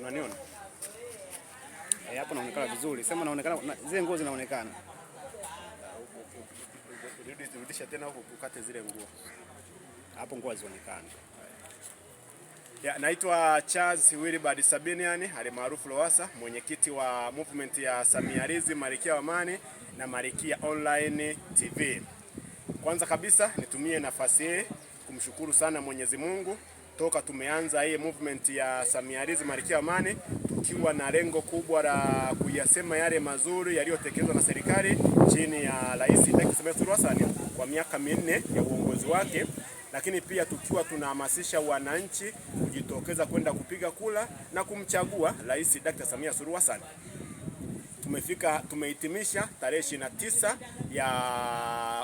unaniona unaniona eh, hapo? Naonekana vizuri, sema naonekana, zile nguo zinaonekana. tena huko, ukate zile nguo hapo, nguo hazionekani. Naitwa Charles Wilbard Sabinian alimaarufu Lowassa, mwenyekiti wa movement ya Samia Rizi, Malkia wa Amani na Malkia Online TV. Kwanza kabisa nitumie nafasi hii kumshukuru sana Mwenyezi Mungu toka tumeanza hii movement ya Samia Rizi Malkia Amani, tukiwa na lengo kubwa la kuyasema yale mazuri yaliyotekelezwa na serikali chini ya Rais Daktari Samia Suluhu Hassan kwa miaka minne ya uongozi wake, lakini pia tukiwa tunahamasisha wananchi kujitokeza kwenda kupiga kula na kumchagua Rais Daktari Samia Suluhu Hassan. Tumefika, tumehitimisha tarehe 29 ya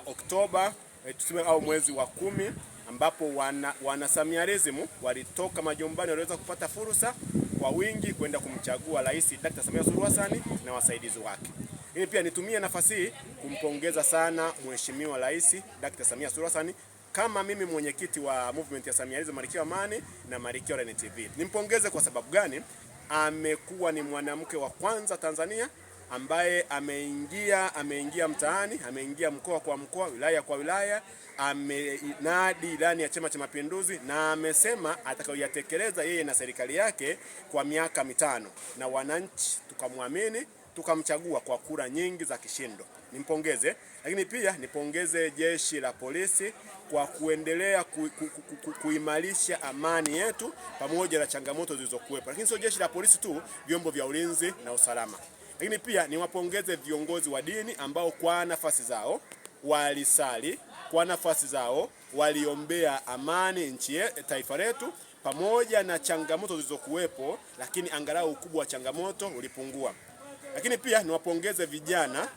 Oktoba eh, au mwezi wa kumi ambapo wana, wana Samialism walitoka majumbani waliweza kupata fursa kwa wingi kwenda kumchagua Rais Dr. Samia Suluhu Hassan na wasaidizi wake. Lakini pia nitumie nafasi hii kumpongeza sana Mheshimiwa Rais Dr. Samia Suluhu Hassan kama mimi mwenyekiti wa movement ya Samialism Malkia Amani na Malkia Online TV. Nimpongeze kwa sababu gani? Amekuwa ni mwanamke wa kwanza Tanzania ambaye ameingia ameingia mtaani, ameingia mkoa kwa mkoa, wilaya kwa wilaya, amenadi ilani ya Chama cha Mapinduzi na amesema atakayoyatekeleza yeye na serikali yake kwa miaka mitano, na wananchi tukamwamini tukamchagua kwa kura nyingi za kishindo. Nimpongeze, lakini pia nipongeze jeshi la polisi kwa kuendelea ku, ku, ku, ku, kuimarisha amani yetu pamoja na changamoto zilizokuwepo, lakini sio jeshi la polisi tu, vyombo vya ulinzi na usalama lakini pia niwapongeze viongozi wa dini ambao kwa nafasi zao walisali, kwa nafasi zao waliombea amani nchi taifa letu, pamoja na changamoto zilizokuwepo, lakini angalau ukubwa wa changamoto ulipungua. Lakini pia niwapongeze vijana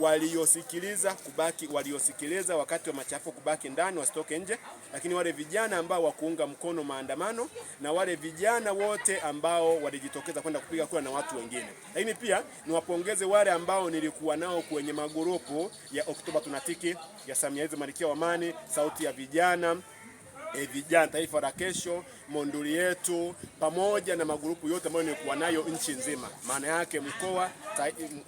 waliosikiliza kubaki, waliosikiliza wakati wa machafuko kubaki ndani, wasitoke nje, lakini wale vijana ambao wakuunga mkono maandamano na wale vijana wote ambao walijitokeza kwenda kupiga kura na watu wengine. Lakini pia niwapongeze wale ambao nilikuwa nao kwenye magurupu ya Oktoba Tunatiki, ya Samia Hizi Malikia wa Amani, Sauti ya Vijana e, vijana taifa la kesho, Monduli yetu pamoja na magrupu yote ambayo nilikuwa nayo nchi nzima, maana yake mkoa,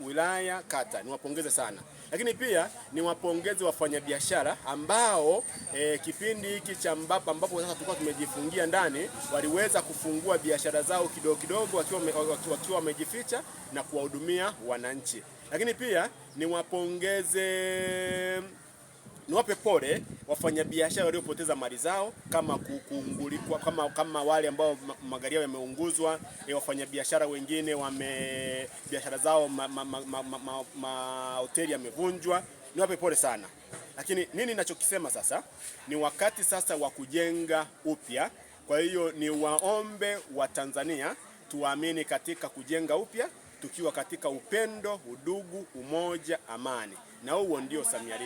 wilaya, kata. Niwapongeze sana, lakini pia niwapongeze wafanyabiashara ambao e, kipindi hiki cha ambapo ambapo sasa tulikuwa tumejifungia ndani, waliweza kufungua biashara zao kidogo kidogo, wakiwa wakiwa wamejificha na kuwahudumia wananchi, lakini pia niwapongeze niwape pole wafanyabiashara waliopoteza mali zao kama kuungulikwa, kama, kama wale ambao magari yao yameunguzwa, e, wafanyabiashara wengine wame biashara zao mahoteli ma, ma, ma, ma, ma, yamevunjwa. Niwape pole sana, lakini nini ninachokisema sasa ni wakati sasa wa kujenga upya. Kwa hiyo ni waombe wa Tanzania tuamini katika kujenga upya tukiwa katika upendo, udugu, umoja, amani, na huo ndio samia